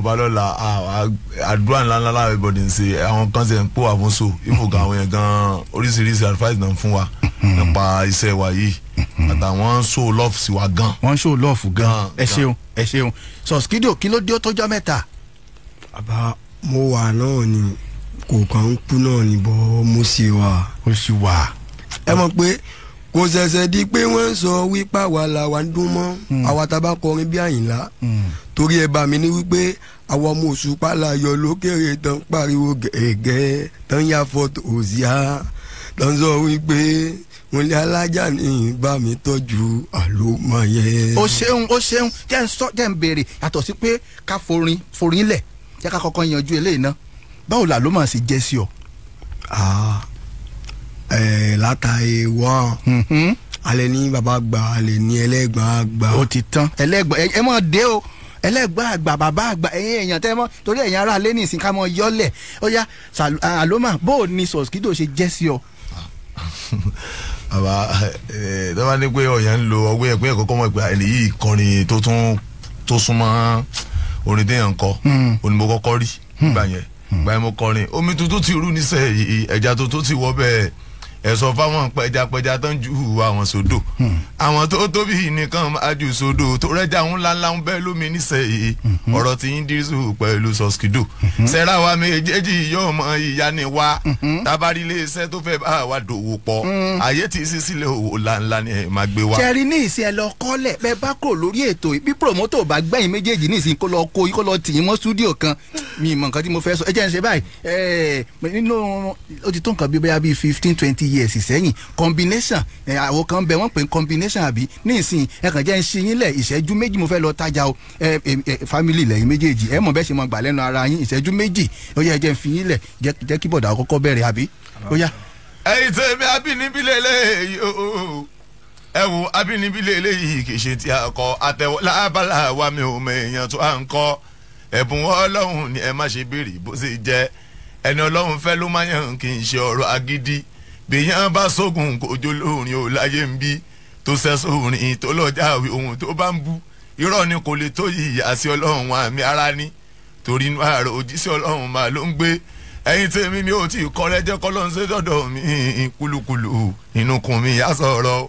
ọba lọ́la àdúrà ńlá ńlá láwọn everybody ń ṣe àwọn kan ṣe ń pò àfúnṣò ìfòkà àwọn yẹn gan oríṣiríṣi advice náà fún wa nípa iṣẹ́ wa yìí àtàwọn ń show love sí wa gan. wọ́n ń show love gan ẹ ṣeun ẹ ṣeun Suskido kí ló dé ó tọ́jọ́ mẹ́ta. bàbá mo wà náà ni kò kàn ń kú náà ni bọ́ mo sì wà. ó sì wà. ẹ mọ̀ pé kò ṣẹ̀ṣẹ̀ di pé wọ́n ń sọ wípé àwa la wa ń dún mọ́ hmm. àwa tá a bá kọrin bí àyìnlá hmm. torí ẹ bá mi ní wípé àwọn ọmọ òṣùpá la yọ lókèrè tán pariwo gẹ̀ẹ́gẹ́ tán yà fọ́tò òsíà tán sọ wípé wọn lé alájà ní bá mi tọ́jú àlómọ o ṣeun o ṣeun jẹ́ ń sọ jẹ́ ń béèrè yàtọ̀ sí pé ká forin forin lẹ̀ jẹ́ ká kọ́kọ́ yanjú eléyìí ná báwo làlómọ̀ sí jẹ́ sí ọ. Ah, ẹ eh, láta ewa mhm. alẹ ní baba gba alẹ ní ẹlẹgba gba. o ti tán ẹlẹgba ẹ mọ dé o ẹlẹgba àgbà bàbá àgbà ẹyin èèyàn tẹ mọ torí ẹyin ara lẹni ìsìn ká mọ yọlẹ ó yá àlómà bó o ní Suskido ṣe jẹ sí ọ. bàbá ẹ tó bá ní pé ọ̀yàn ń lo ọgbẹ́ ẹ̀pẹ́ ẹ̀kọ́ kọ́mọ ìgbà ẹni yìí kọrin tó tún tó súnmọ́ orin téèyàn kọ onímọ̀ hmm. kọ́kọ́ rí hmm. gbà yẹn gbà yẹn mo kọrin omi tuntun ti rú nísẹ̀ ẹja tuntun ti wọ́ bẹ́ẹ̀ ẹ sọ fáwọn pẹjapẹja tó ń ju ìwà wọn sódò hmm. àwọn tó tóbi nìkan ajú sódò tó rẹjà ńlá ńlá ń bẹ lómi nísẹyìí hmm. ọ̀rọ̀ tí ń dírísù pẹ̀lú sọskidò hmm. sẹra wa méjèèjì yóò mọ ìyá ni wa tabari iléeṣẹ́ tó fẹ́ bá wa dòwò pọ̀ àyè tí sísílẹ̀ òwò ńláńlá ni ẹ máa gbé wa. sẹ́rí ní ìsìn ẹ lọ kọ́lẹ̀ bẹ́ẹ̀ bá kúrò lórí ètò bí promoto bá gbẹ̀yìn méjèèjì ní ìsìn kó lọ years sẹ́yìn combination àwọn kan bẹ wọ́n pè combination àbí ní ìsìn ẹ kàn jẹ́ ń ṣe yín lẹ̀ ìṣẹ́jú méjì mo fẹ́ lọ tajà o family lẹ́yìn méjèèjì ẹ mọ̀ bẹ́ẹ̀ ṣe mọ̀ gbà lẹ́nu ara yín ìṣẹ́jú méjì ó yẹ jẹ́ ń fi yín lẹ̀ jẹ́ kí bọ̀dà kọ́kọ́ bẹ̀rẹ̀ àbí ó yá. ẹ̀yin tó mi abínibí lélẹ́yìí o ẹ wo abínibí lélẹ́yìí kì í ṣe ti akọ àtẹwọ́ lábàlá wa mi ò mọ èèyàn tó à ń kọ́ ẹ̀bùn ọlọ́run ni ẹ má ṣe béèrè bó ṣe jẹ́ ẹni ọlọ́run fẹ́ ló má yàn kì í ṣe ọ̀rọ̀ agídí bèèyàn bá sógun kòjó lórin ò láyé ń bí tó sẹ́sọ orin tó lọ́jàwé ohun tó bá ń bu irọ́ ni kò lè tó yìí àti ọlọ́run àmì ara ni torí inú ààrẹ òjíṣẹ́ ọlọ́run mà ló ń gbé ẹ̀yin tèmi mi ò tí ì kọ́ rẹ́jẹ́ kọ́ ló ṣe dọ̀dọ̀ mi kúlukúlu inú kun mi yá sọ̀rọ̀.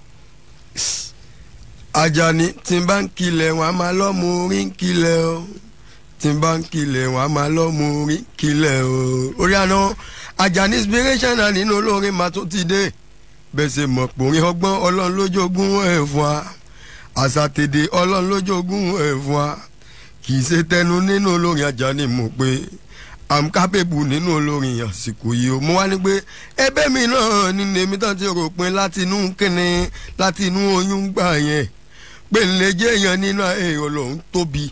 Àjàní tí n bá ń kilẹ̀ wọn a máa lọ́ orí ń kilẹ̀ o tí n bá ń kilẹ̀ wọn a máa lọ́ orí ń kilẹ̀ o orí àná. Àjàní inspiration náà nínú olórin mà tó ti dé bẹ́sẹ̀ mọ̀ pòrin ọgbọ́n ọlọ́run lójógún ẹ̀ fún wa àṣàtèdè ọlọ́run lójógún ẹ̀ fún wa kì í ṣe tẹnu nínú olórin Àjàní mọ̀ pé am capable nínú olórin àsìkò yìí o mo wá ní pé ẹ̀bẹ̀ mi náà ni èmi tán ti rò pin láti inú kíni láti inú oyún gbà yẹn pé ńlẹ jẹ́ nínú èrò lòún tóbi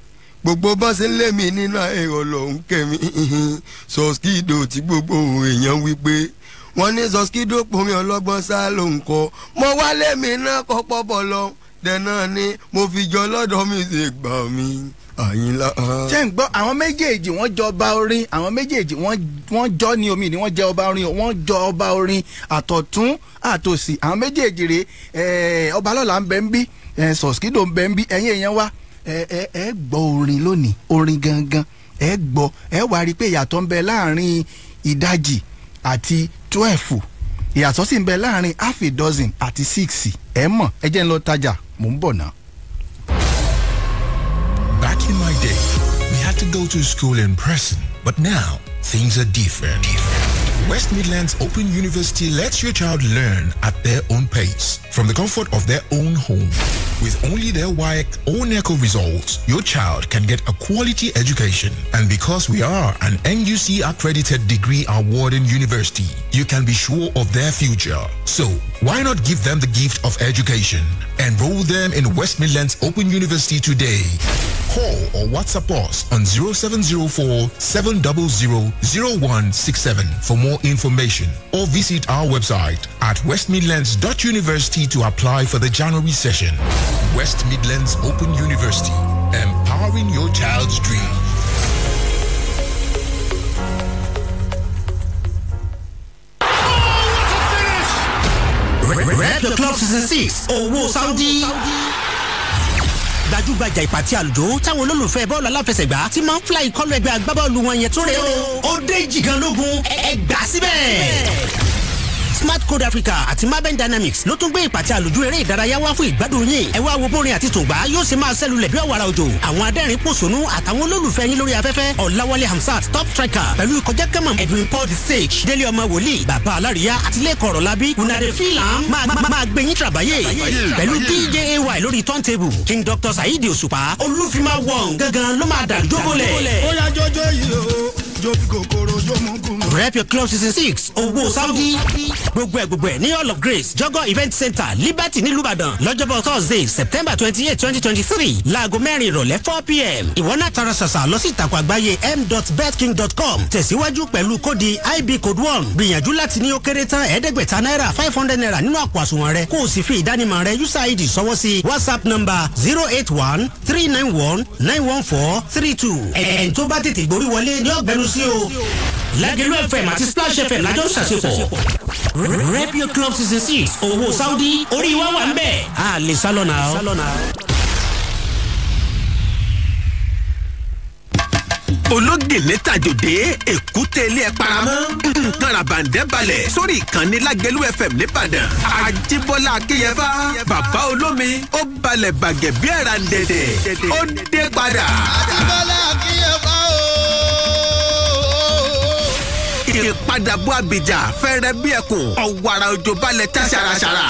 gbogbo bá ṣe ń lé mi nínú ẹ̀rọ lọ́hún kẹ́mi sọ́skídò tí gbogbo èèyàn wí pé wọ́n ní sọ́skídò pomi ọlọ́gbọ́n sá ló ń kọ́ mo wá lé mi náà kọ́ pọ́pọ́ lọ dẹ̀nà ni mo fi jọ lọ́dọ̀ mi ṣe gbà mí àyìnlá. ṣé ń gbọ́ àwọn méjèèjì wọ́n jọ ọba orin àwọn méjèèjì wọ́n jọ ní omi ni wọ́n jẹ ọba orin wọ́n jọ ọba orin àtọ̀tún àtòsì àwọn méjèèjì rèé ọba lọ́la ń bẹ ń bí sọ̀skídò ń bẹ ń bí ẹ̀yin èèyàn wa ẹ ẹ ẹ gbọ́ orin lónìí orin gangan ẹ gbọ́ ẹ wá rí i pé ìyàtọ̀ ń bẹ láàrin ìdajì àti twelve ìyàtọ̀ sì ń bẹ láàrin half a dozen àti six ẹ mọ̀ ẹ jẹ́ ń lọ tajà mò ń bọ̀ náà. Back in my day, we had to go to school in person, but now things are different. different. West Midlands Open University lets your child learn at their own pace, from the comfort of their own home. With only their WIAC or NECO results, your child can get a quality education. And because we are an NUC accredited degree awarding university, you can be sure of their future. So, why not give them the gift of education? Enroll them in West Midlands Open University today. Call or WhatsApp us on 0704 700 for more information or visit our website at West Midlands University to apply for the January session. West Midlands Open University, empowering your child's dreams. Oh, Red, Red, Red the clock is a six. Or oh, Saudi. Saudi. gbajúgbajà ìpàtí àlùjọ táwọn olólùfẹ́ bọ́ọ̀lù aláfẹsẹ̀gbá ti máa ń fly ìkọlù ẹgbẹ́ agbábọ́ọ̀lù wọn yẹn tó rẹ̀ o ó dé jìgàn lógún ẹgbàá síbẹ̀ smart code africa àti marben dynamics ló tún gbé ìpàtẹ àlùjù eré ìdárayá wá fún ìgbádùn yín ẹ wá wo bórin àti tògbà yóò ṣe máa ṣẹlulẹ̀ bí ọ̀wàrà òjò àwọn adẹ́rìn pòṣónú àtàwọn olólùfẹ́ yín lórí afẹ́fẹ́ ọ̀làwálé hamsat top striker pẹ̀lú ìkọjá kẹ́mọ̀ edwin paul the sage délé ọmọ wòlíì bàbá alárìíyá àti lẹ́kọ̀ ọ̀rọ̀ labí unade filam máa gbé yín tàbáyé pẹ̀lú dj ay lórí turntable king dr saheed òṣùpá olúfimá wọ̀n gangan ló máa dàjọ́ bọ́lẹ̀. ó yà jọjọ yìí o rep your club season six owó saudi gbogbo ẹ gbogbo ẹ ní all of grace jọgọ event center liberty nílùú ìbàdàn lọ́jọ́bọ̀ thursday september twenty eight twenty twenty three láago mẹ́rin ìrọ̀lẹ́ four pm ìwọ náà tara ṣàṣà lọ sí ìtàkùn àgbáyé m.betking.com tẹ̀síwájú pẹ̀lú kódi ib code one gbìyànjú láti ní ó kéré tán ẹ̀ẹ́dẹ́gbẹ̀ta náírà five hundred naira nínú àpò àsùnwọ̀n rẹ kó o sì fi ìdánimọ̀ rẹ user sọwọ́ sí whatsapp number zero eight one three nine one nine one four three two ẹ̀ẹ́n tó bá tètè gborí wọlé sí o. Lágẹ̀lú FM àti Splash FM lájọ́ ṣàṣepọ̀. Radio Club season six owó Saudi orí wa wà ń bẹ̀. A lè sálọ̀nà o. ológìnní tàjòdè èkúté ilé ẹ paramọ́ nǹkan ràbàǹdẹ́ balẹ̀ sórí ìkànnì lágẹ̀lú fm nìbàdàn àjíbọ́lá akínyẹfà bàbá olómi ó balẹ̀ bàgẹ́ bí ẹ̀rà ń dẹ̀dẹ̀ ó dé padà. àjíbọ́lá akínyẹfà. ìpadàbọ̀ àbèjà fẹ́rẹ̀ bí ẹkùn ọ̀wàrà òjò balẹ̀ tá ṣàràṣàrà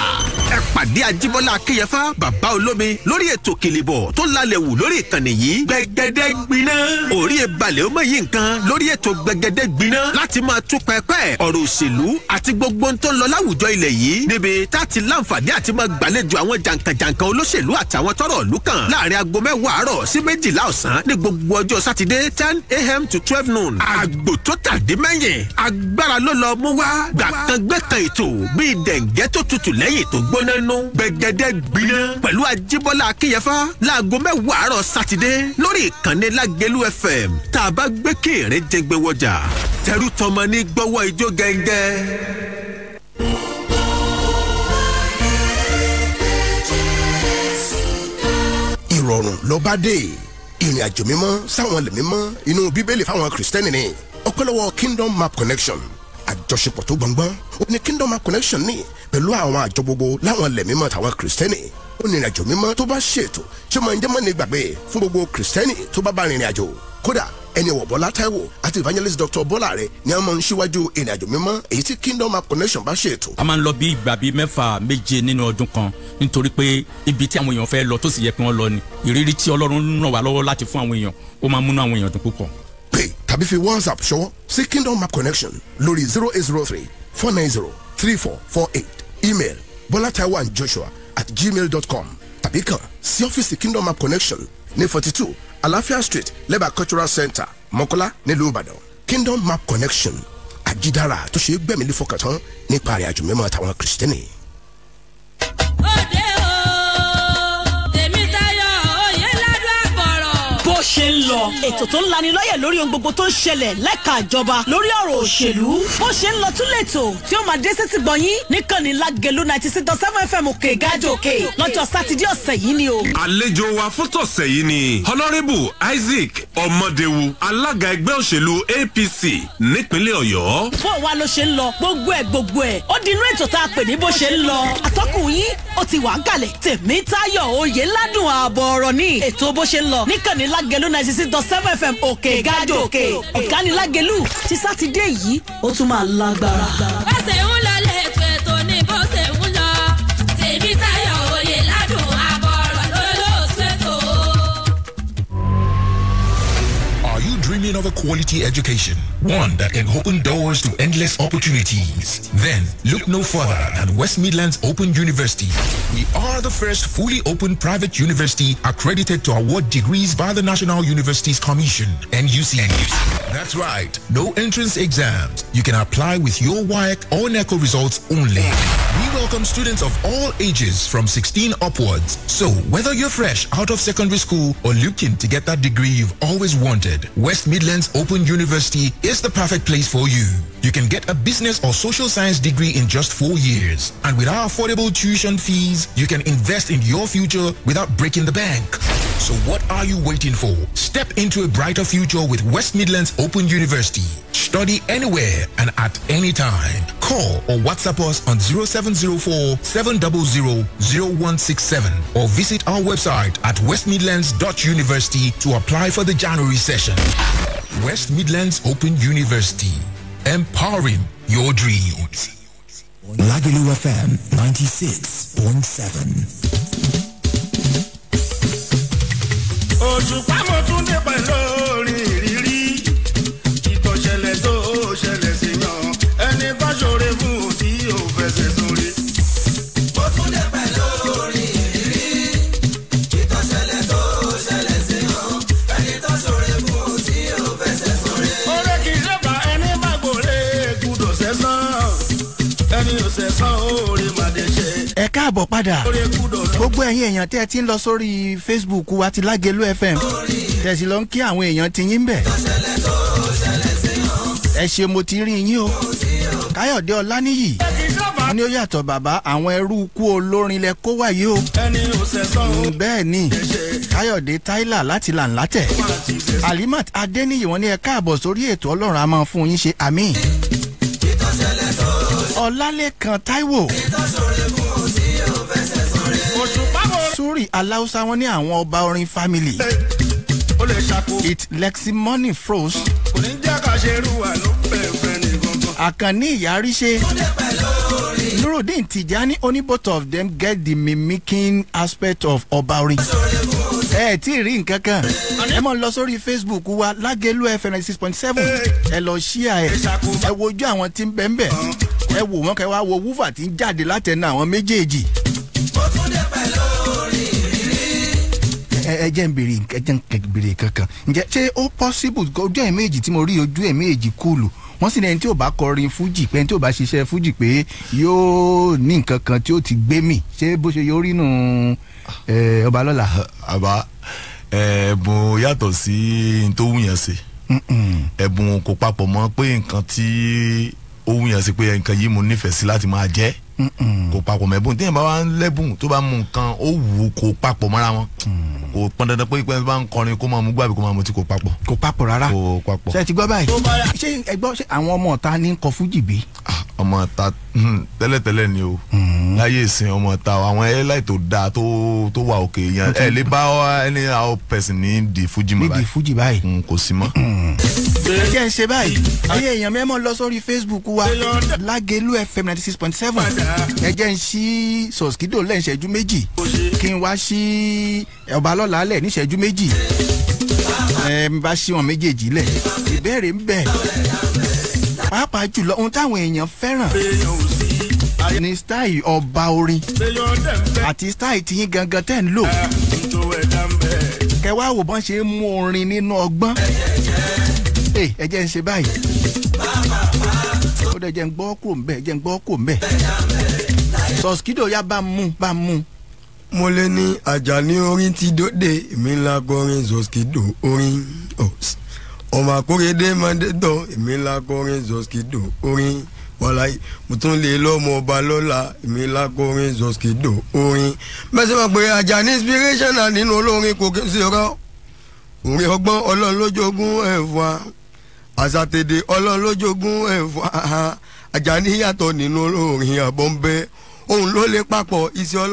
ẹ pàdé ajíbọ́lá akínyẹfà bàbá olómi lórí ètò kìlìbọ̀ tó lálẹ́ wù lórí ìkànnì yìí gbẹgẹdẹ gbiná orí ìbalẹ̀ ó yìí nǹkan lórí ètò gbẹgẹdẹ gbiná láti máa tún pẹpẹ ọ̀rọ̀ òṣèlú àti gbogbo ń tó ń lọ láwùjọ ilẹ̀ yìí níbi tá ti láǹfààní àti máa gbàlejò àwọn jàǹkàjàǹkà olóṣèlú àtàwọn tọ́rọ̀ ìlú kàn láàrin aago mẹ́wàá àárọ̀ sí méjìlá ọ̀sán ní gbogbo ọjọ́ sátidé ten a.m. to twelve noon àgbò tó tàdé mẹ́yìn agbára ló lọ mú wá gbàkangbẹ́kan ètò bíi dẹ̀ǹgẹ́ tó tutù lẹ́yìn tó gbó gbóná nú gbẹ̀gẹ́dẹ́ gbiná pẹ̀lú ajíbọ́lá akínyẹfà láago mẹ́wàá àárọ̀ sátidé lórí ìkànnì lágẹ̀lú fm tá a bá gbé kéèrè jẹgbẹ wọjà tẹrú ní gbọ́wọ́ ijó gẹ́gẹ́. ìrọ̀rùn ló dé ìrìn àjò mímọ́ sáwọn ilẹ̀ mímọ́ inú bíbélì fáwọn kìrìsìtẹ́nì ni ọpẹ́lọ́wọ́ kingdom map connection àjọṣepọ̀ tó gbọ̀ngbọ́n ó kingdom map connection ni? pẹ̀lú àwọn àjọ gbogbo láwọn ilẹ̀ mímọ́ tàwọn kìrìsìtẹ́nì ó ní ìrìnàjò mímọ́ tó bá ṣètò tí ó máa ń jẹ́ mọ́ni gbàgbé fún gbogbo kìrìsìtẹ́nì tó bá bá rìnrìn àjò kódà ẹni ọ̀wọ̀ bọ́lá táíwò àti evangelist dr bọ́lá rẹ̀ ni a máa ń ṣíwájú ìrìnàjò mímọ́ èyí tí kingdom of connection bá ṣètò. a máa ń lọ bí ìgbà bíi mẹ́fà méje nínú ọdún kan nítorí pé ibi tí àwọn èèyàn fẹ́ lọ tó sì yẹ kí wọ́n lọ ni ìrírí tí ọlọ́run ń ràn wá lọ́wọ́ láti fún àwọn èèyàn ó máa ń múnú àwọn èèyàn dùn púpọ̀. pè tàbí fi whatsapp ṣọwọ́ sí kingdom of connection lórí zero eight zero three four nine zero three four four eight email bọ́látaiwan joshua at gmail.com tàbí kàn sí ọ́fíìsì kingdom map connection ní forty two alafia street leba cultural center mọ́kọ́lá nílùú ìbàdàn kingdom map connection àjídára tó ṣe é gbẹ̀mí lè fọkàn tán nípa àrẹ̀ àjùmọ̀mọ́ àtàwọn kìrìsìtẹ́nì. ó bó ṣe ń lọ ètò tó ń lanilọ́yẹ̀ lórí ohun gbogbo tó ń ṣẹlẹ̀ lẹ́ka ìjọba lórí ọ̀rọ̀ òṣèlú bó ṣe ń lọ tún lẹ́tò tí ó máa dé sétí gbọ̀nyín níkànnì lágẹ̀lú ninety six dot seven fm òkè gájò lọ́jọ́ sátidé ọ̀sẹ̀ yìí ni o. àlejò wa fótọ̀sẹ̀ yìí ni honourable isaac ọmọdéwu alága ẹgbẹ́ òṣèlú apc nípínlẹ̀ ọ̀yọ́. bó wa ló ṣe ń lọ gbogbo ẹ̀ gbogbo ẹ̀ ó dinú ètò tá a pè ní bó ṣe ń lọ àtọ́kùn yín ó ti wà ń kalẹ̀ tèmítayọ̀ oyè ládùn ààbọ̀ ọ̀rọ̀ ni ètò bó ṣe ń lọ níkànnì lágẹ̀lú ninety six dot seven fm òkè gájò òkè ọ̀gánilágẹ̀lú ti sátidé yìí ó tún máa lágbára. ẹsẹ̀ ń lọ lẹ́ẹ̀kẹ́ quality education, one that can open doors to endless opportunities. Then, look no further than West Midlands Open University. We are the first fully open private university accredited to award degrees by the National Universities Commission, NUC. That's right, no entrance exams. You can apply with your WIAC or NECO results only. We welcome students of all ages from 16 upwards. So, whether you're fresh out of secondary school or looking to get that degree you've always wanted, West Midlands Open University is the perfect place for you. You can get a business or social science degree in just four years. And with our affordable tuition fees, you can invest in your future without breaking the bank. So what are you waiting for? Step into a brighter future with West Midlands Open University. Study anywhere and at any time. Call or WhatsApp us on 0704 700 0167 or visit our website at westmidlands.university to apply for the January session. West Midlands Open University. Empowering your dreams. Lagulu FM 96.7. gbogbo ẹ̀yin èèyàn tẹ́ ẹ ti ń lọ sórí Facebook wa ti Lágelú FM tẹ̀sí lọ ń kí àwọn èèyàn ti yín bẹ̀ ẹ ṣe mo ti rí yín o Káyọ̀dé Ọláníyì ní ó yàtọ̀ bàbá àwọn ẹrú ikú olórin lẹ kó wáyé o mm, bẹ́ẹ̀ ni Káyọ̀dé Táílà láti làǹlátẹ̀ Alimat Adéníyì wọ́n ní ẹ káàbọ̀ sórí ètò Ọlọ́run a máa fún yín ṣe àmín Ọlálẹ́kan Táíwò sórí aláùsá wọn ní àwọn ọba orin family. it lexi money froze. kò ní jẹ́ ká ṣe àkànní ìyárí ṣe. nurudeen tijani only both of them get the mimicking aspect of ọba orin. ẹ tí ì rí nǹkan kan ẹ mọ̀ lọ sórí facebook wa lágẹ̀lú fm ninety six point seven ẹ lọ ṣíà ẹ ẹ wojú àwọn tí ń bẹ́ẹ̀ bẹ́ẹ̀ ẹ wò wọ́n kẹ́ wá wo wúfà tí ń jáde látẹnu àwọn méjèèjì. ẹ jẹ́ ń béèrè ẹ jẹ́ ń béèrè kankan ǹjẹ́ ṣé ó possible ojú ẹ̀ méjì tí mo rí ojú ẹ̀ méjì kúlù wọ́n sì ní ẹni tí ò bá kọrin fújì pé ẹni tí ò bá ṣiṣẹ́ fújì pé yóò ní nǹkan kan tí ó ti gbé mì ṣé bó ṣe yóò rí nù ọba lọ́la. àbá ẹ̀bùn yàtọ̀ sí n tó wúyàn sí ẹ̀bùn kò papọ̀ mọ́ pé nǹkan tí ó wúyàn sí pé nǹkan yìí mo nífẹ̀ẹ́ sí láti máa jẹ́ kò papọ̀ mẹ́bùn tí yẹn bá wà ń lẹ́bùn tó bá mú nǹkan ó wù ú kó papọ̀ mọ́ra wọn mm. kò pọn dandan pé pé bá ń kọrin kó máa mú gbàgbé kó máa mú tí kò papọ̀. kò papọ̀ rárá kò papọ̀. ṣé ti gbọ́ báyìí ṣé ẹ gbọ́ ṣé àwọn ọmọ ọ̀ta ní kọ fújì bí. Ah, ọmọ ọ̀ta Hmm, tẹ́lẹ̀tẹ́lẹ̀ ni o hmm. láyé ìsìn ọmọ ta àwọn airline tó dáa tó wà òkè yan ẹ lè bá ẹni àwọn pẹ̀sìn ní di fújì mọ́ báyìí ní di fújì báyìí hmm, kò sí mọ́. ẹjẹ ń ṣe báyìí ẹyẹ èèyàn mẹ́mọ́ lọ sórí facebook wa lágẹ̀lú fm ninety six point seven ẹjẹ ń ṣí sọ̀skídò lẹ́ǹṣẹ́jú méjì kí n wá ṣí ọba lọ́la lẹ̀ níṣẹ́jú méjì ẹ bá ṣí wọn méjèèjì lẹ̀ ìbéèrè ń bẹ pàápàá jùlọ ohun táwọn èèyàn fẹ́ràn ní style ọba orin àti style tiyín gangan tẹ́ ń lò kẹwàá wò bọ́n ṣe ń mú orin nínú ọgbọ́n ẹ jẹ́ ń ṣe báyìí ó dẹ̀ jẹ́ ń gbọ́ kúrò ń bẹ̀ jẹ́ ń gbọ́ kúrò ń bẹ̀ Suskido yá bá mú bá mú mo lè ní Àjàní orin ti dóde èmi ńlá gbọ́rin Suskido orin. Oh. ọmọ akóredé mọ́ndétọ̀ èmi ńlá kọrin zọskido orin wàláyé mo le lè ọba lọla èmi ńlá kọrin zọskido orin bẹ́ẹ̀ ajani ma pé ajá ní inspiration náà nínú olórin kò kí n sí orin ọgbọ́n ọlọ́run lójoogun ẹ̀fọ́ àṣàtèdè ọlọ́run lójoogun ẹ̀fọ́ ajá ní yàtọ̀ nínú olórin òun ló lè papọ̀ iṣẹ́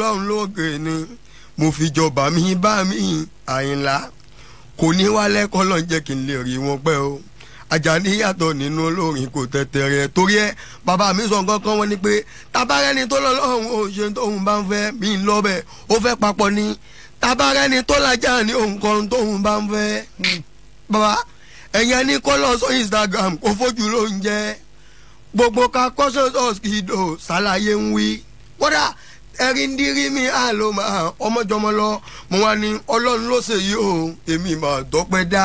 kò ní wálẹ̀ kọ́ lọ́n jẹ́ kí n lè rí wọn pẹ́ o Àjàní yàtọ̀ nínú olórin kò tẹ̀tẹ̀rẹ̀ torí ẹ bàbá mi sọ nǹkan kan wọn ni pé tabarẹ́ni tó lọ lọ́hùn ó ṣe tóun bá ń fẹ́ mí ń lọ́bẹ̀ ó fẹ́ papọ̀ ni tabarẹ́ni tó lajà ní òun kan tóun bá ń fẹ́ bàbá ẹ̀yẹn ní kọ́ lọ sọ Instagram kó fojú ló ń jẹ́ gbogbo ká kọ́sọ́sọ́ kìdó ṣàlàyé ń wí kódà ẹrin dírí mi à ló máa ọmọjọmọ lọ mo wá ní ọlọ́run ló ṣe yìí o èmi máa dọ́pẹ́ dá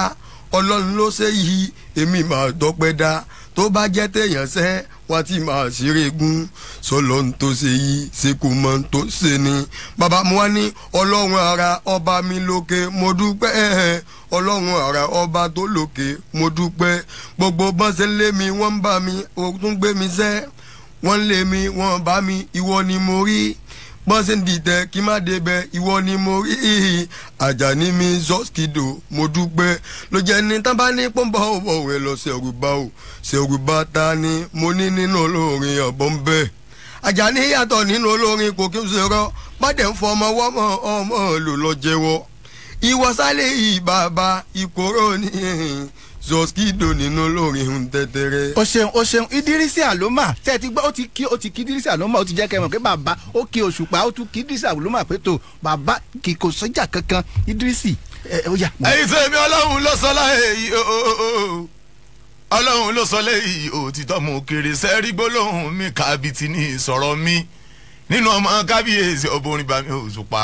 ọlọ́run ló ṣe yìí èmi máa dọ́pẹ́ dá tó bá jẹ́ téèyàn sẹ́ wá tí màá ṣeré gun sọlọ ń tó ṣe yìí ṣe kò mọ tó ṣe ni bàbá mo wá ní ọlọ́run ara ọba mi lókè mo dúpẹ́ ọlọ́run ara ọba tó lókè mo dúpẹ́ gbogbo bọ́sẹ̀ lé mi wọ́n ń bá mi òtún gbé mi sẹ́ wọ́n lé mi wọ́n bá mi ìwọ ni mo rí maazị ndị ite ka ị má ìwọ ni mo rí ìhì Àjàní mi zọ́skìdò mo dúpẹ́ ló jẹ́ ní tábà ní pọ́ńbà rẹ lọ sí o ta ni mo ní nínú olórin ọ̀bọ̀ ń bẹ̀ nínú olórin kò kí n ń fọ ọmọ ọmọ lò lọ jẹ́wọ́ ìwọ sálẹ̀ yìí bàbá zoskido nínú lórí hun tẹtẹrẹ. o ṣeun o ṣeun idirisi aloma tẹ ti gbọ́ ó ti kí ó ti kí idirisi aloma ó ti jẹ́ kẹmọ̀ pé bàbá ó kí òṣùpá ó tún kí idirisi aloma pé tó bàbá kì kò sọ́jà kankan idirisi ẹyin tó èmi ọlọ́run ló sọ láyé o ọlọ́run ló sọ lẹ́yìn òtítọ́ mo kéré sẹ́rí gbólóhùn mi kábìtì ní ìsọ̀rọ̀ mi nínú ọmọ kábíyèsí ọbọ̀rin bàmí òṣùpá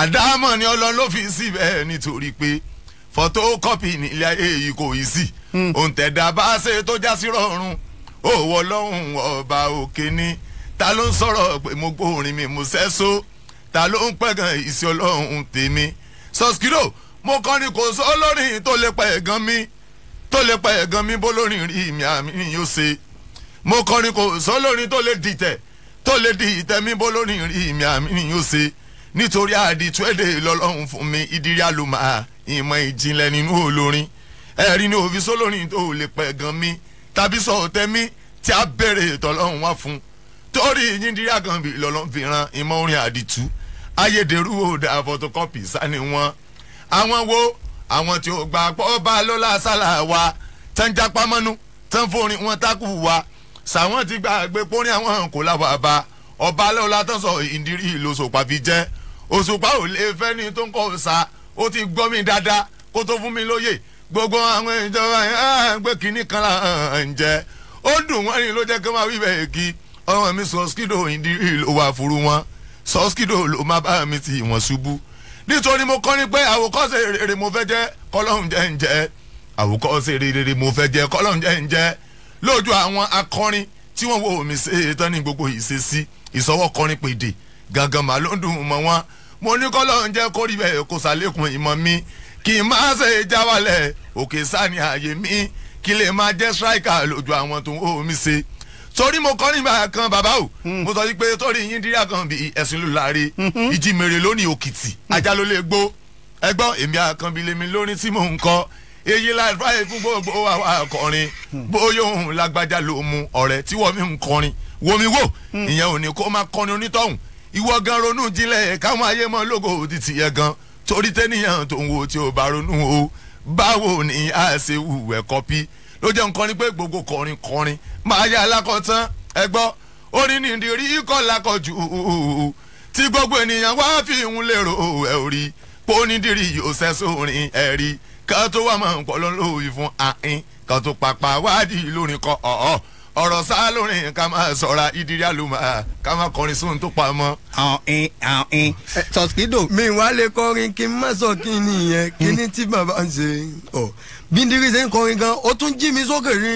àdámọ̀ ni ọlọ́run ló fi síbẹ̀ nítorí pé photocopy nílé ayé yìí kò yí sí òǹtẹ̀dá hmm. bá ṣe tó já sí rọrùn òwò ọlọ́run ọba òkè ni ta ló ń sọ̀rọ̀ pé mo gbórin mi mo ṣẹ́ so ta ló ń pẹ̀gàn ìsìn ọlọ́run tèmi sọ́skìdò mo kọrin kò sọ olórin tó lè pa ẹ̀gàn mi tó lè pa ẹ̀gàn mi bólórin rí mi àmì yóò ṣe mo kọrin kò sọ olórin tó lè dìtẹ̀ tó lè dìtẹ̀ mi bólórin rí mi àmì yóò ṣe nítorí àdìtúwẹ́dẹ̀ lọ́lọ́run fún mi ìdírí àlùmọ́ ìmọ̀ ìjìnlẹ̀ nínú olórin ẹ̀rí ni òfin sólórin tó lè pẹ̀ gan mi tàbí sọ òtẹ́ mi tí a bèrè ìtọ́lọ́run wá fún torí yíndírí àgànbí lọ́lọ́run fi ran ìmọ̀ orin àdìtú ayédèrú òdà photocopy sani wọn àwọn wo àwọn tí ó gbà pọ́ bá lọ́la sálà wa tán jápá mọ́nú tán forin wọn tákù wa sàwọn ti gbàgbé pórin àwọn kò láwàá bá ọba lọ́la tán sọ ìdírí ìlòsòpàfi òṣùpá ò lè fẹ́ ni tó ń kọ́ ọ̀sà ó ti gbọ́ mi dáadáa kó tó fún mi lóyè gbogbo àwọn ìjọba gbé kínní kan là ń jẹ ó dùn wọ́n ni ló jẹ́ kí wọ́n wí bẹ́ẹ̀ kí ọmọ mi sọ́skìdò ìdírí ló wà fúru wọn sọ́skìdò ló má bá mi tì wọ́n ṣubú nítorí mo kọ́ ni pé àwòkọ́ṣe rere mo fẹ́ jẹ́ kọ́lọ́hún jẹ́ ń jẹ́ àwòkọ́ṣe rere mo fẹ́ jẹ́ kọ́lọ́hún jẹ́ ń jẹ́ lójú àwọn akọrin tí wọ́n wo omi ṣe é tán ní gbogbo ìṣesí ìsọwọ́ kọrin pèdè gàgàmà ló mọ́ wọn mo ní kọ́lọ́ ń jẹ́ kórì bẹ́ẹ̀ kó sàlékún ìmọ̀ mi kí n má ṣe jáwálẹ̀ òkè sani ààyè mi kí lè máa jẹ́ striker lójú àwọn tó ń hó mi ṣe torí mo kọ́ nígbà kan bàbá o hmm. mo sọ pé torí yín dídá kan bíi ẹ̀sìn lulare hmm. ìjì mèrè lónìí òkìtì hmm. ajá ló lè gbó ẹgbọ́n èmi àkànbí lèmi lórí tí mò ń kọ́ èyí láì fáyé fún gbogbo àwọn akọrin bóyá òun lágbájá ló mu ọ̀rẹ́ tí wọ́n mi ń kọrin wo mi wò ìyẹn ò ní kó máa kọrin onítọ̀hún ìwọ gan ronú jinlẹ̀ káwọn ayé mọ́ lógo òdì tìyẹ gan torí tẹ́nìyàn tó ń wo tí o bá ronú o báwo ni a ṣe wùwẹ̀ kọ́pí ló jẹ́ nǹkan ni pé gbogbo kọrin kọrin máa yá alákọ̀tán ẹ gbọ́ orin ní ìrírí ikọ̀ lákọ̀jù tí gbogbo ènìyàn wá fi ń lérò ẹ orí pónídìrí yóò ṣẹ́ sórin ẹ rí kan tó wà máa ń pọ̀ lọ́wọ́ ìfún àhín tó pàpà wádìí lórin kọ́ ọ̀ọ́ ọ̀rọ̀ sá lórin ká máa sọ̀ra ìdírí àlùmọ́ ká máa kọrin sóhun tó pa mọ́. àwọn in àwọn in eh, tọ́sídò. mi wá lè kọrin kí n má sọ kí ni yẹn kí ni tí bàbá ń ṣe ọ bí ndírí ṣe ń kọrin gan ó tún jí mi sókè rí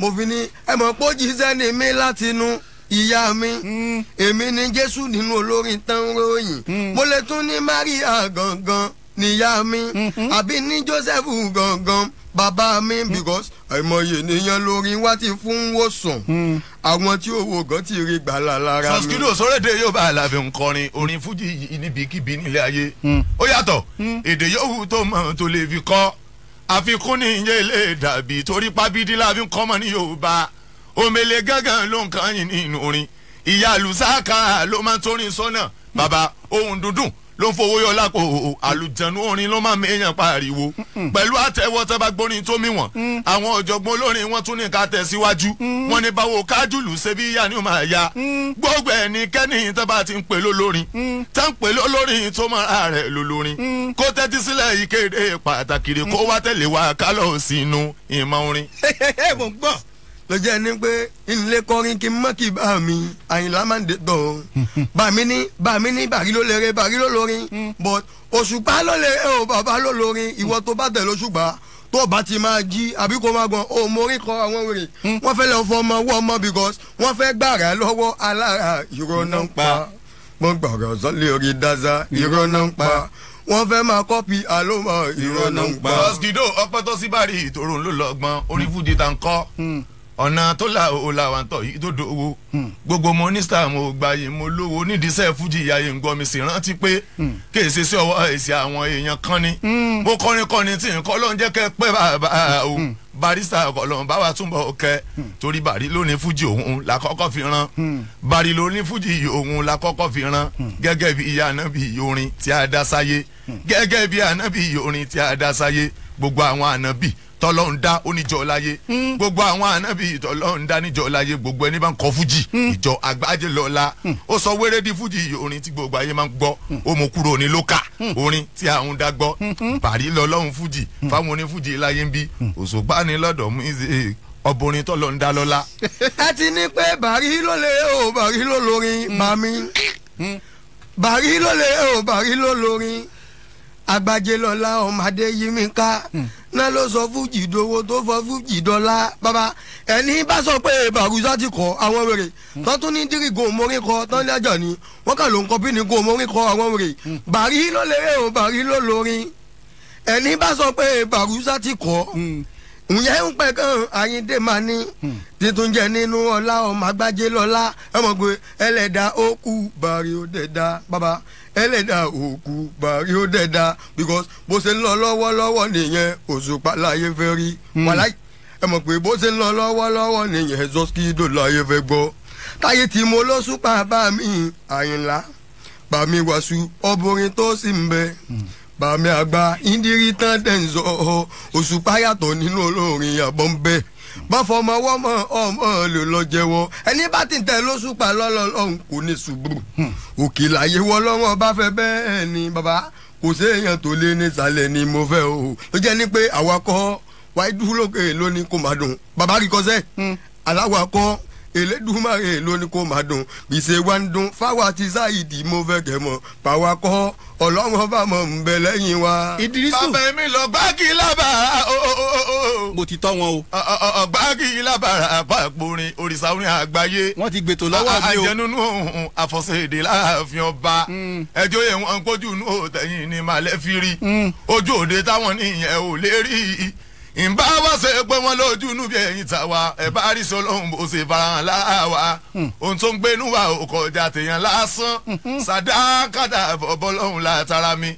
mo fi ní ẹ mọ̀ pé ó jí sẹ́ni mi láti inú ìyá mi mm. èmi ni jésù nínú olórin tán ròyìn mm. mo lè tún ní maria gangan níyá mi mm-hmm. àbí ní Joseph gangan bàbá mi mm-hmm. because àìmọye ènìyàn lórí wá ti fún wòsàn mm. àwọn tí owó gan ti rí gbàlà lára mi. Suskido sọ́rẹ́dẹ̀ yóò bá àlàfẹ́ nkọrin orin fújì níbikíbi nílé ayé mm. ó yàtọ̀ mm. èdè yòówù tó mọ̀ tó lè fi kọ́ àfikún ní ìyẹn lè dàbí torí pábídí láfi ń kọ́mọ ní Yorùbá omele gángan ló ń kàn yín nínú orin ìyá àlùsáàkà ló máa ń torin sọ́nà bàbá ohun dúndùn ló ń fowó yọ lápò àlùjẹ̀nu orin ló máa méèyàn pariwo pẹ̀lú àtẹ̀wọ́ tẹ́ bá gbórin tó mì wọ́n mm. àwọn ọ̀jọ̀gbọ́n olórin wọn tún ní ká tẹ̀ síwájú mm. wọn ní báwo kájùlù ṣe bí yá ni ó máa ya mm. gbogbo ẹnikẹ́ni tẹ́ bá ti ń pè lólórin tẹ́ ń pè lólórin tó mọ́ra rẹ̀ lólórin kó tẹ́tí sílẹ̀ ìkéde pàtàkì rẹ̀ kó wá tẹ̀lé wa kálọ̀ sínú ìmọ̀ orin. ẹ ẹ mò ń gbọ́ lọ́jọ́ ẹni pé ilé kọrin kí n mọ́ kí bá mi àyìnlá máa ń de tọ̀ ọ́ bàmí ní bàmí ní bàrí ló lere bàrí ló lorin mm. but òṣùpá ló lere o bàbá ló lorin ìwọ tó bá tẹ̀ lóṣùpá tó bá ti máa jí àbí kó máa gan o mo rí kọ àwọn wèrè mm. wọ́n fẹ́ lọ fọ ọmọ wọ ọmọ because wọ́n fẹ́ gbàrà lọ́wọ́ alára ìrọ̀nà ń pa wọ́n mm. gbàrà sọ́lé orí dáza ìrọ̀nà ń pa wọ́n fẹ́ máa kọ́pì àlọ́mọ ìrọ̀nà ń pa. ọ̀sìkìdó ọpẹ́ ìtòrò ló lọ́gbọ́n orí fújì tá ń kọ́ ọ̀nà tó là ó là wà ń tọ̀ yìí tó dòwò hmm. gbogbo mọ́nísítà mo gbàyè mo lówó nídìísẹ́ fújì ìyáyé ńgọ́ mi sì rántí pé hmm. kèsì sí ọwọ́ èsì àwọn èèyàn kan ni hmm. mo kọrin kọrin tí nǹkan ló ń jẹ́ kẹ́ pẹ́ bàbá o barista ọlọ́run bá wa túnbọ̀ kẹ́ torí bàrí ló ní fújì òun la kọ́kọ́ fi ran bàrí ló ní fújì òun la kọ́kọ́ fi ran gẹ́gẹ́ bí ìyá ànábì orin tí a dá sáyé gẹ́gẹ́ bí ànábì orin tí a dá sáyé gbogbo àwọn ànábì tọ́lọ́run dá oníjọ́ láyé hmm. gbogbo àwọn ànábì tọ́lọ́run dá níjọ́ láyé gbogbo ẹni bá ń kọ fújì hmm. ìjọ àgbájé hmm. ó sọ wéré di fújì orin tí gbogbo ayé máa ń gbọ́ ó mú kúrò ní lókà orin tí àwọn dá gbọ́ parí lọ́lọ́run fújì fáwọn onífújì láyé ń bí òṣùpá ni lọ́dọ̀ music ọbùnrin tó lọ ń dá lọ́la. ẹ ti ní pé bàrí ló lè o bàrí ló lórin màmí bàrí ló lè o bàrí ló lórin àgbájé ọmọdé yí mi ká. Mm náà ló sọ fújì dowó tó fọ fújì dọ́là bàbá ẹni bá sọ pé bàrúzà ti kọ àwọn wèrè hmm. tó tún ní dírígò mórí kọ tó ń dájà ni wọn kà ló ń kọ bí ní gò mórí kọ àwọn wèrè hmm. bàrí ló lérè o bàrí ló lórin ẹni bá sọ pé bàrúzà ti kọ hmm. ǹyẹn ń pẹ́ kan àyíndé máa ní titun jẹ nínú ọlá ọmọ agbájé lọ́lá ẹ mọ̀ pé ẹlẹ́dàá ó kú bàrí ó dẹ̀ bàbá ẹlẹ́dàá òkú bàrí ó dẹ̀dá because bó ṣe ń lọ lọ́wọ́lọ́wọ́ nìyẹn òṣùpá láyé fẹ́ rí hmm. wàláì ẹ mọ̀ pé bó ṣe ń lọ lọ́wọ́lọ́wọ́ nìyẹn zoskido láyé fẹ́ gbọ́ táyé tí mo lọ súpà bá mi àyìnlá bá mi wàásù ọbọrin tó sì ń bẹ hmm. bá mi àgbà ìdírí tán tẹ̀ ń sọ òṣùpá yàtọ̀ nínú olórin àbọ̀ ń bẹ́ẹ̀ má fọmọ ọwọ́ mọ ọmọ lò lọ jẹ́wọ́ ẹni bá ti ń tẹ lóṣù pa lọ́lọ́ ọ̀hún kò ní ṣubú hmm, òkè láyé wọ́ lọ́wọ́ bá fẹ́ bẹ́ẹ̀ ni bàbá kò séèyàn tó lé nísàlẹ̀ ni mo fẹ́ o ló jẹ́ ni pé àwa kọ́ wáyé dúró lókè lónìí kò má dùn bàbá kìkọ́sẹ́ hmm, aláwa kọ́ Elédùmarè ló ní kó máa dùn gbèsè wa ń dùn fáwa ti Saidi mo fẹ́ kẹ́ mọ̀ pàwa kọ́ ọba mọ̀ ń bẹ lẹ́yìn wa. Ìdírísù bàbá mi lọ gbági lábàrá ooo. mo ti tọ́ wọn o. gbági lábàrá àpapọ̀rin òrìṣà orin àgbáyé. wọ́n ti gbètò lọ́wọ́ mi o. àjẹnunú ohun àfọ̀sẹ̀dé láàfin ọba. Hmm. ẹjọ́ yẹn wọn kojú inú òtẹ̀yìn ni màlẹ́ hmm. ojú òde táwọn nìyẹn ò lè ìbá wá ṣe pé wọ́n lójú inú bí ẹ̀yìn ta wa ẹ̀ e bá rí sọlọ́hún bó ṣe farahàn láwa hmm. ohun tó ń gbé wa ò kọjá tèèyàn lásán hmm. sàdákàtà bọ́bọ́ lọ́hún látara mi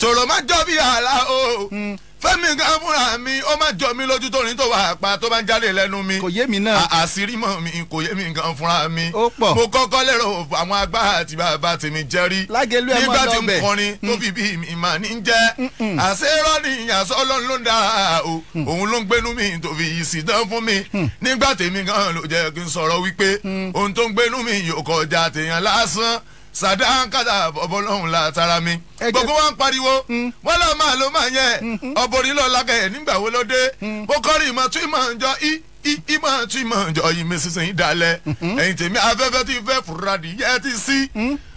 tòrò má jọ bí àlá o. Hmm fẹ́mi gan fúnra mi ó máa jọ mi lójú tó ní tó wà pa tó bá ń jáde lẹ́nu mi. kò yé mi náà. àṣírí mọ̀ mi kò yé mi gan fúnra mi. ó pọ̀. mo kọ́kọ́ lérò àwọn agbára àti bàbá tèmi jẹ́ lágẹ̀lú ẹ̀ máa lọ bẹ̀. nígbà tí n kọrin tó mm. fi bí mi mà ní jẹ́. àṣerọ́ ni àṣọ ọlọ́run ló ń dára o. Mm. òun ló ń gbénu mi tó fi yìí sí dán fún mi. Mm. nígbà tèmi gan ló jẹ́ kí n sọ̀rọ̀ wípé ohun tó ń gbénu mi yóò kọjá tèèyàn lásán sàdáńkàtà ọbọlọ́hún la tara mi. gbogbo wa ń pariwo mm. wọn lọ máa ló máa yẹ mm, mm. ọbọrin lọ lákẹyẹ nígbà wo ló dé ó kọrin ìmọ̀ tún ìmọ̀ ǹjọ́ i ìmọ̀ tún ìmọ̀ ǹjọ́ yìí mi sísìn ìdálẹ̀ ẹ̀yìn tèmi afẹ́fẹ́ ti fẹ́ fúradì yẹ́ ti sí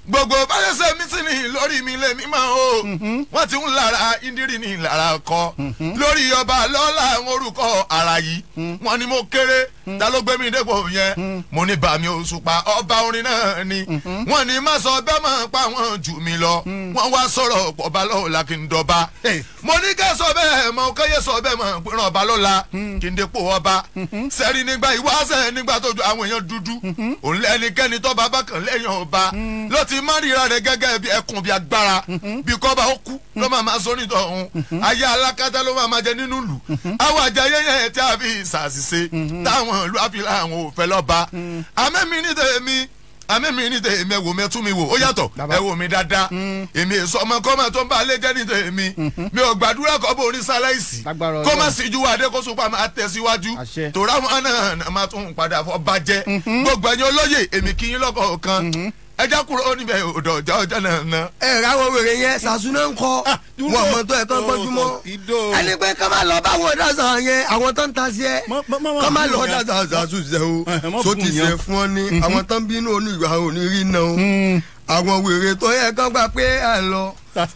gbogbo báyọ̀sẹ̀ mi sì ní lórí mi lè mímọ́ o mhm. wọ́n ti ń lára indiri ní ìlara kọ mhm. lórí ọba lọ́la orúkọ ara yìí mhm. wọ́n ní mo kéré ta ló gbé mi dépò yẹn mo ní bàmí òṣùpá ọba orin náà ni wọ́n ní má sọ bẹ́ẹ̀ mọ̀ pa wọ́n jù mí lọ wọ́n wá sọ̀rọ̀ ọba lọ́la kí n dọba mo ní ká sọ bẹ́ẹ̀ mọ kẹ́yẹ sọ bẹ́ẹ̀ mọ̀ pínrán ọba lọ́la kí n dépò ọba sẹ́rí nígbà ìwáṣẹ̀ nígbà tó ju àwọn èèyàn dúdú òun lẹ́nikẹ́ni tó bá lẹ́yìn ọba ló ti má ríra rẹ̀ gẹ́gẹ́ ẹkùn bí agbára bí kọ́ba ó kú ló máa ma sọ nítorí ayé alákatá ló máa ma jẹ nínú ìlú àwọn àjàyè yẹn tí a fi ṣàṣìṣe táwọn ìlú àfihàn àwọn òfẹ́ lọ́ba àmẹ́mi ní tèmi àmẹ́mi ní tèmi ẹ̀wò mi tún mi wò ó yàtọ̀ ẹ̀wò mi dáadáa èmi èso ọmọ tó ń bá alẹ́ jẹ́ ní tèmi mi ò gbàdúrà kọ́ bó ní sáláìsì kó má sì ju adé kó sopa máa tẹ̀síwájú tòrá wọn náà máa tún padà fọ́ bàjẹ́ mhm. gbogbo ẹ̀yin olóyè èmi kì í lọ́kọ̀ọ̀kan mhm ẹja kúrò ó níbẹ̀ òdò ọjọ́ ọjọ́ náà ná. ẹ ráwọ wèrè yẹn sàṣúná ń kọ ah, wọn mọ tó ẹ kán gbọdúmọ oh, ẹni pé kọ́ máa lọ báwo dàsà yẹn àwọn tó ń ta sí ẹ kọ́ máa lọ dàsà sàṣù eh, ṣe o tó ti ṣe fún ọ ní mm-hmm. àwọn tó ń bínú onígbà onírí náà o mm. àwọn wèrè tó yẹ kán gbà pé à ń lọ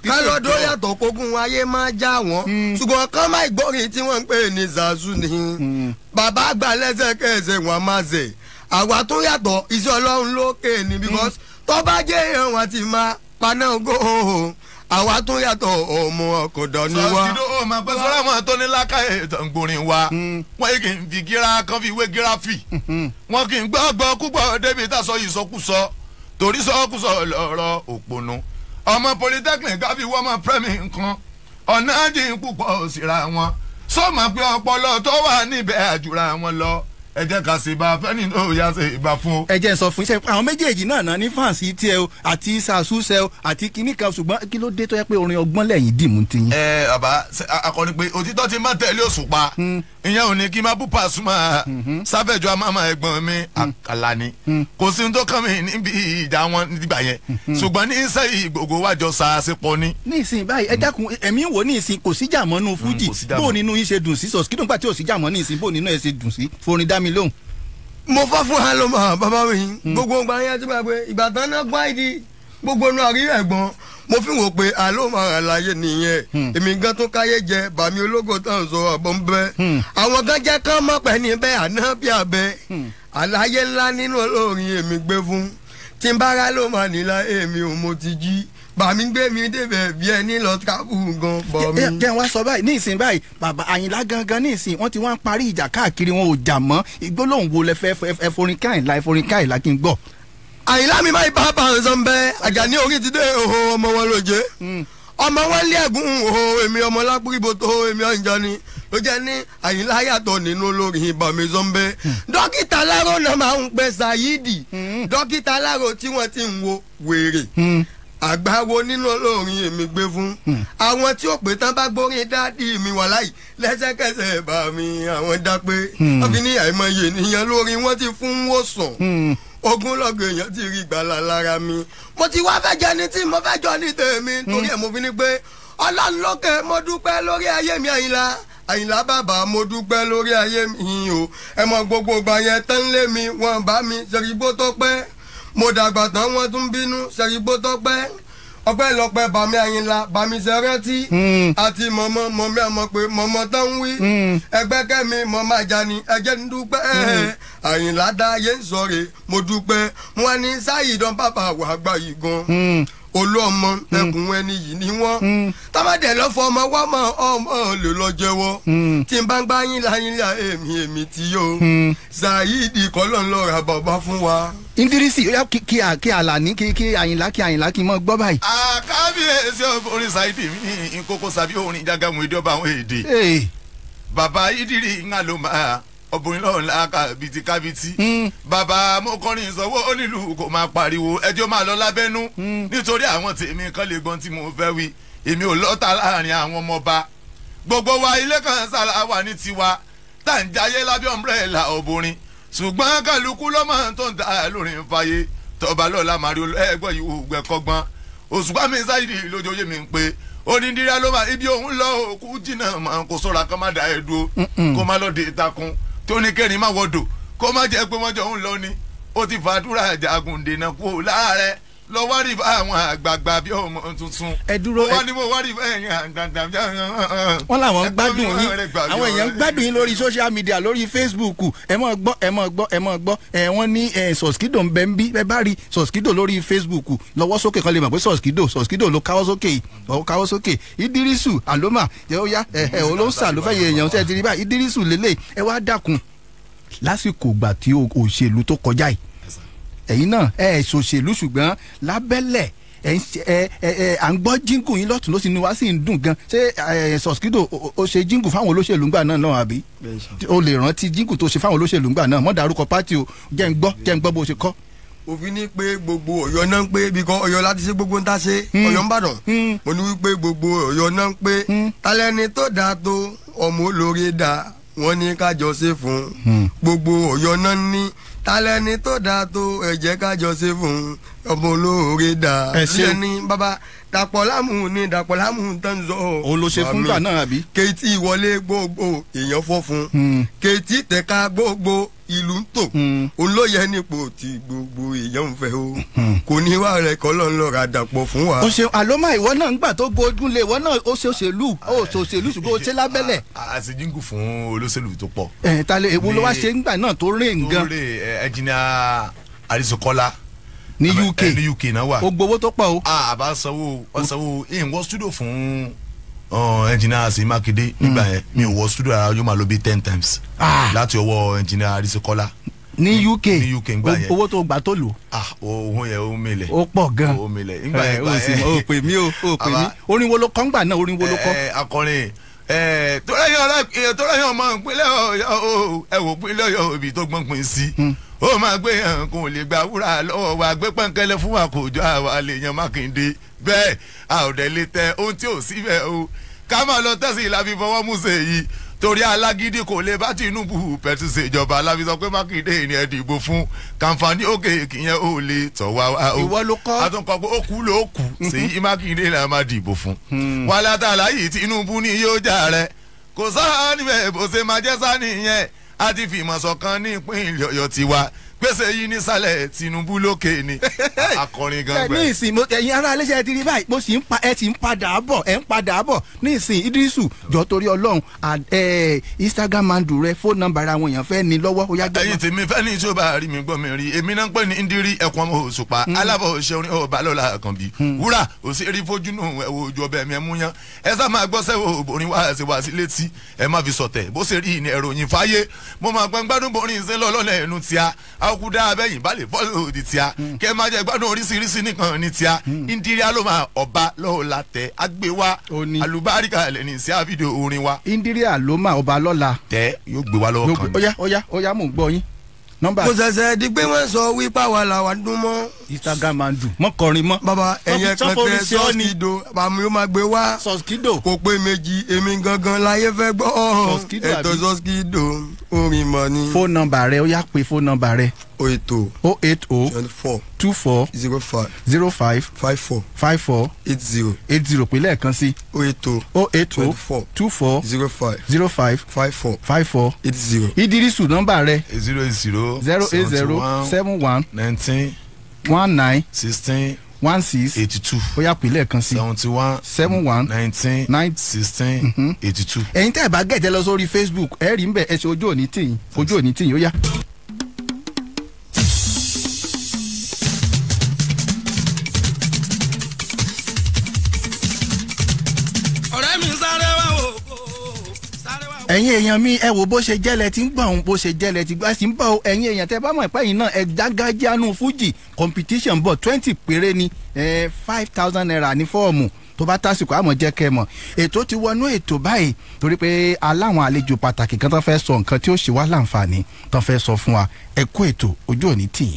kálọ́dọ̀ yàtọ̀ kógun ayé máa já wọn mm. ṣùgbọ́n kán máa ìgbọ́rin tí wọ́n ń pè ní sàṣù ni mm. bàbá àgbà lẹ́sẹ̀kẹsẹ̀ wọn máa zẹ̀ àwa tó yàtọ̀ iṣẹ́ ọlọ́run lókè ni because mm. tó bá jẹ́ èèyàn wọn ti máa paná ogó o àwa tó yàtọ̀ ọmọ ọkọ̀dọ̀ ni wá. sọ́sídó o máa pẹ́ sọ́ra tó ní lákàyè tó wa mm. wọ́n kì í fi gíra kan fi wé gíráfì mm-hmm. wọ́n kì í gbọ́ gbọ́ púpọ̀ débi tàṣọ ìsọkúsọ torí sọ́kúsọ lọ́rọ̀ òpònú ọmọ polytechnic káfí wọ́n mọ prẹ́mì nǹkan ọ̀nà dín púpọ̀ òsì ra wọn sọ́ọ̀mọ̀ pé ọpọlọ tó wà níbẹ̀ àjùra wọn lọ ẹ jẹ́ ká ṣe ìbá fẹ́ni náà ò yá ṣe ìbá fún o. ẹ jẹ́ sọ fún iṣẹ́ àwọn méjèèjì náà náà ní fáǹsì tiẹ̀ o àti sàṣùṣẹ́ o àti kinní kan ṣùgbọ́n kí ló dé tó yẹ pé orin ọgbọ́n lẹ́yìn dìmú ti yín. ẹ bàbá akọni pé òtítọ́ ti má tẹ̀lé òṣùpá hmm. ìyẹn ò ní kí n má bú Pasuma hmm. sáfẹ̀jọ́ amáma ẹ̀gbọ́n mi hmm. àkàlà ni kò sí tó kàn mí níbi ìjà wọn nígbà yẹn ṣùgbọ́n ní sẹ́yìn gbogbo wájọ sàṣepọ̀ ni. ní ìsìn báyìí ẹ dákun ẹ̀mí wò ní ìsìn kò síjà mọ́nú fújì bó nínú yín ṣe dùn sí sọ̀s mi lóhùn. mo fọ́ fún wa ló mọ̀ bàbá mi hmm. gbogbo ọgbà yẹn ti bá pé ìgbà tán náà gbá ìdí gbogbo inú àríyá ẹ̀gbọ́n mo fi wò pé àló máa rà láyé nìyẹn hmm. èmi gan tó káyé jẹ bàmí ológo tó sọ ọ̀bọ̀n ń bẹ́ hmm. àwọn kan jẹ́ kán mọ̀ pẹ́ ní bẹ́ẹ̀ àná bí abẹ àlàyé ńlá nínú olórin èmi gbé fún tí n bá rà ló nílá èmi ò mo ti jí bàmí gbé mi débẹ̀ bí ẹni lọ tábù gan bọ̀ mi. kẹ́ ẹ wá sọ báyìí ní ìsìn báyìí bàbá àyìnlá gangan ní ìsìn wọ́n ti wá ń parí ìjà káàkiri wọn ò jà mọ́ ìgbólóhùn wo lẹ fẹ́ ẹforin káyìnlá ẹforin káyìnlá kí n gbọ́. àyìnlá mi máa bá bá àwọn sọ́n bẹ́ẹ̀ àjàní orí ti dé òhò ọmọ wọn lóje hmm. ọmọ wọn lé ẹ̀gún òhò èmi ọmọ lápúrìbò tó èmi ọ̀njọ́ ni ló jẹ́ ní àyìnlá yàtọ̀ nínú olórin ìbàmí zọ́ńbẹ́ hmm. dókítà aláró náà máa ń pẹ́ sayidi hmm. dókítà aláró tí wọ́n ti ń wo wèrè àgbáwo nínú olórin èmi gbé fún hmm. àwọn tí ó pé tán bá gbórin dáàdì mi wà láì lẹ́sẹ̀kẹsẹ̀ bá mi àwọn dápé hmm. wọ́n fi ní àìmọye nìyẹn lórí wọ́n ti fún wòsàn hmm. ogunlọ́gọ̀ èèyàn ti rí gbàlà lára mi mo ti wá fẹ́ jẹ́ ní tí mo fẹ́ jọ ní tèmi torí ẹ̀ mo fi ní pé ọlọ́run lókè mo dúpẹ́ lórí ayé mi àyìnlá àyìnlá bàbá mo dúpẹ́ lórí ayé mi o ẹ mọ gbogbo gbà yẹn tán lé mi wọn bá mi ṣèrí tó pẹ́ mo dàgbà tán wọ́n tún bínú ṣèyípo tọ́pẹ́ ọpẹ́ lọpẹ́ bàmí àyìnlá bàmí sẹ́rẹ́tì hmm. àti mọ̀mọ́ mọ̀mí àmọ́ pé mọ̀mọ́ tó ń wí hmm. ẹgbẹ́ kẹ́mi mọ̀mọ́ àjàní ẹjẹ́ hmm. ń dúpẹ́ àyìnlá dá yé ń sọ̀rẹ́ mo dúpẹ́ wọn ní sáyìí dán bàbá wàá gbà yìí gan olóòmọ hmm. ẹkùn ẹni yìí ni wọ́n hmm. tábàdé lọ́fọ̀ ọmọ wa mọ̀ ọmọ lè lọ jẹ́wọ́ hmm. tí n bá ń gbá yín láyín lá èmi èmi tí yó Saheed kọ́lọ́ ra bàbá fún wa. Indirisi kí kí kí Alani kí kí Àyìnlá kí Àyìnlá kí n mọ gbọ́ báyìí. àkábíyèsí orin Saheed mi nkókó sàbí orin ìdágàmù ìdí àwọn èdè bàbá Idiri ń máa ọkùnrin náà ńlá kàbìtì kàbìtì. Hmm. bàbá mọ́kànrin ìsanwó onílù kò máa pariwo ẹjọ́ máa lọ lábẹ́nú hmm. nítorí àwọn tèmi kan lè gbọ́n tí mo fẹ́ wí èmi ò lọ́ta láàrin àwọn ọmọọba gbogbo wa ilé kan sára wà ní tiwa tá à ń jayé lábẹ́ ọ̀mbrẹ́là ọ̀bùnrin ṣùgbọ́n kálukú lọ́mọ tó ń ta lórin fàyè tọba lọ́la màrí ẹgbẹ́ yìí òògbẹ́ kọ́gbọ́n òṣùpá mi sáyìdì lójoojúmọ́ mi ń pe onídìrí alóba ibi òun lọ òkú jìnnà kò sọ̀rọ̀ kó má da ẹ̀ dúró kó má lọ́ọ́ de takun tó ní kẹrin má wọdò kó má jẹ́ pé wọ́n jọ ń lọ ni ó ti fàdúrà jagun dènà kú láàárẹ̀ lọ wá rí àwọn àgbààgbà bí ọmọ tuntun. ẹ dúró ẹ wọ́n ní mo wá rí ẹ̀yin àgbààgbà bí ọmọ. wọ́n làwọn gbádùn yín àwọn èèyàn gbádùn yín lórí social media lórí Facebook ẹ mọ̀ gbọ́ ẹ mọ̀ gbọ́ ẹ mọ̀ gbọ́ ẹ wọ́n ní Suskido ń bẹ ń bí ẹ bá rí Suskido lórí Facebook lọ́wọ́ sókè kan lè mọ̀ pé Suskido Suskido ló káwọ́ sókè ó káwọ́ sókè Idirisu Aloma jẹ́ yá ẹ̀ẹ́ olóńsà ló ẹ̀yin náà ẹ̀ ṣòṣèlú ṣùgbọ́n lábẹ́lẹ̀ ẹ ẹ ẹ à ń gbọ́ jíngù yín lọ́tún ló sì ní wá sí ń dùn gan ṣé ẹ Suskido ó ṣe jíngù fáwọn olóṣèlú ńgbà náà náà àbí o lè rántí jíngù tó ṣe fáwọn olóṣèlú ńgbà náà mọ́ dárúkọ pátì o jẹ́ ń gbọ́ jẹ́ ń gbọ́ bó ṣe kọ́. òfin ni pé gbogbo Ọ̀yọ́ náà ń pé bíkọ Ọ̀yọ́ láti ṣe gbogbo ń ta ṣe hmm. Ọ̀yọ́ ń bàdàn hmm. mo ní wípé gbogbo Ọ̀yọ́ náà ń pé hmm. talẹni tó dáa tó ọmọ olóore dáa wọn ní kájọ ṣe fún gbogbo Ọ̀yọ́ náà ní talẹ́ni tó dáa tó ẹ jẹ́ ká jọ fún un ọmọ olóore dà lẹni bàbá dàpọ̀ lámù ni dàpọ̀ lámù tó ń zọ. òun ló ṣe fún gbà náà àbí. kéétì ìwọlé gbogbo èèyàn fọ́ fún. Hmm. kéétì tẹ̀ka gbogbo ìlú ń tò. òun ló yẹ nípò tí gbogbo èèyàn ń fẹ́ o. Hmm. kò ní wá rẹ kọ́ lọ́n dàpọ̀ fún wa. o ṣeun àlọ́mọ ìwọ náà ń gbà tó gbógun lé ìwọ náà ó ṣe òṣèlú ó ṣe òṣèlú ṣùgbọ́n ó ṣe lábẹ́lẹ̀. àṣejíǹkù fún olóṣèlú tó pọ̀. ẹ̀ ta ló wá ṣe ń gbà náà tó rè gan. tó rè ẹ̀ ẹ̀ jìnnà ní UK ní UK náà wà o gbowó tó pọ̀ o. a bá sanwó ọ sanwó ìyẹn wọ studio fún ẹnjìnìá sí Mákindé nígbà hmm. yẹn mi ò wọ studio ara yóò máa lo bíi ten times ah. láti ọwọ́ ẹnjìnìá Arísíkọ́lá ní UK ní UK ngbà yẹn owó tó gbà tó lò. ah ohun yẹn ó milẹ̀. ó pọ̀ gan ó milẹ̀ ngbà yẹn ngbà yẹn. o sì mọ o pè mí o o pè mí orin wo ló kọ́ ngbà náà orin wo ló kọ́. akọrin tó lẹ́yìn ọmọ ìpínlẹ̀ ọ̀yọ́ ẹ wò ìpínlẹ̀ ọ̀yọ́ ibi tó gbọ́ngbọ́n sí hmm. ó máa gbé yàn kó lè gba wúrà lọ́wọ́ wa gbé pọ́nkẹ́lẹ́ fún wa kò jọ àwa lè Mákindé bẹ́ẹ̀ àwòdẹ́lẹ́tẹ̀ ohun tí ò síbẹ̀ o ká máa lọ tẹ̀sí ìlàbí fọwọ́ mú sèyí torí alágídí kò lè bá Tinubu pẹ̀tù ṣèjọba aláfi pé Mákindé ni ẹ dìbò fún kàǹfààní òkè kìyẹn ò lè tọ̀ wá o ìwọ ló kọ́ àtúnkọ́ pé ó kú ló kù Ṣèyí Mákindé là máa dìbò fún hmm. wàhálà tàlàyé Tinubu ni yóò jà rẹ kò sáà níbẹ̀ bó ṣe máa jẹ́ sáà nìyẹn a ti fìmọ̀ ṣọ̀kan ní ìpínlẹ̀ Ọ̀yọ́ tiwa gbèsè yìí nísàlẹ̀ Tinubu lókè ni akọrin gangan. ní ìsìn mo ẹ̀yin ará iléeṣẹ́ ti rí báyìí mo sì ń pa ẹ ti ń padà bọ̀ ẹ ń padà bọ̀ ní ìsìn Idrisu jọ torí Ọlọ́run Instagram handle rẹ fóònù nọ́mbà ara àwọn èèyàn fẹ́ ni lọ́wọ́ ó yá gbọ́n. ẹ̀yin tèmi fẹ́ ní tí rí mi gbọ́ mi rí èmi náà ń pè ní ndírí ẹ̀kún ọmọ òṣùpá hmm. alábọ̀ òṣèrìn ọ̀bálọ́lá àkànbí hmm. wúrà òṣèré fojúnù ẹ̀wọ̀ òjò akuda abẹ́yìn bá lè bọ́ọ̀lù òdì tíá hmm. kẹ́ máa jẹ́ gbádùn oríṣiríṣi nìkan ní tíá indiria hmm. ló máa ọba lọ́ọ̀la tẹ agbéwá alùbáríkà lẹ́ni sí àfídíò orin wa. indiria ló máa ọba lọ́la. tẹ yóò gbé wa lọ́wọ́ kan. ó yá ó yá ó yá mò ń gbọ́ yín nọmba. kò ṣẹ̀ṣẹ̀ di pé wọ́n sọ wípé àwa là wà dún mọ́. instagram máa ń dùn mọ́ kọrin mọ́. bàbá ẹ̀yẹ pẹpẹ sọ́ọ̀kìdò ó máa gbé wá. sọ́ọ̀kìdò. kò pé méjì èmi gangan láyé fẹ́ gbọ́. sọ́ọ̀kìdò àbí ètò sọ́ọ̀kìdò orin mọ̀ ni. fóònù nọmba rẹ ó yá pé fóònù nọmba rẹ. 080 080 24 24 05 05 54 54 80 zero pé lẹ́ẹ̀kan sí. 080 080 five four 05 54 eight zero. Idirisu nọ́mbà rẹ. 080 080 71 19 19 16 one six eighty two ó yá pínlẹ̀ kan sí seventy one seven one nineteen nine sixteen eighty two. Mm-hmm. ẹ̀yin tẹ́ ẹ bá gẹ̀jẹ̀ lọ sórí Facebook ẹ rí ń bẹ̀ ẹ ṣe ojú òní tìyìn ojú òní tìyìn ó yá. ẹ̀yin èèyàn mi ẹ wò bó ṣe jẹ́lẹ̀ tí ń gbà òun bó ṣe jẹ́lẹ̀ tí gbà sí ń bọ̀ ẹ̀yin èèyàn tẹ́ bá mọ̀ ìpẹ́ yìí náà ẹ dágájíánu fújì competition bọ̀ twenty péré ni five thousand naira ní fọ́ọ̀mù tó bá tásìkò àmọ́ jẹ́ kẹ́ mọ̀ ètò ti wọnú ètò báyìí torí pé aláwọn àlejò pàtàkì kan tó fẹ́ sọ nǹkan tí ó ṣe wá láǹfààní tó fẹ́ sọ fún wa ẹ ètò ojú òní tì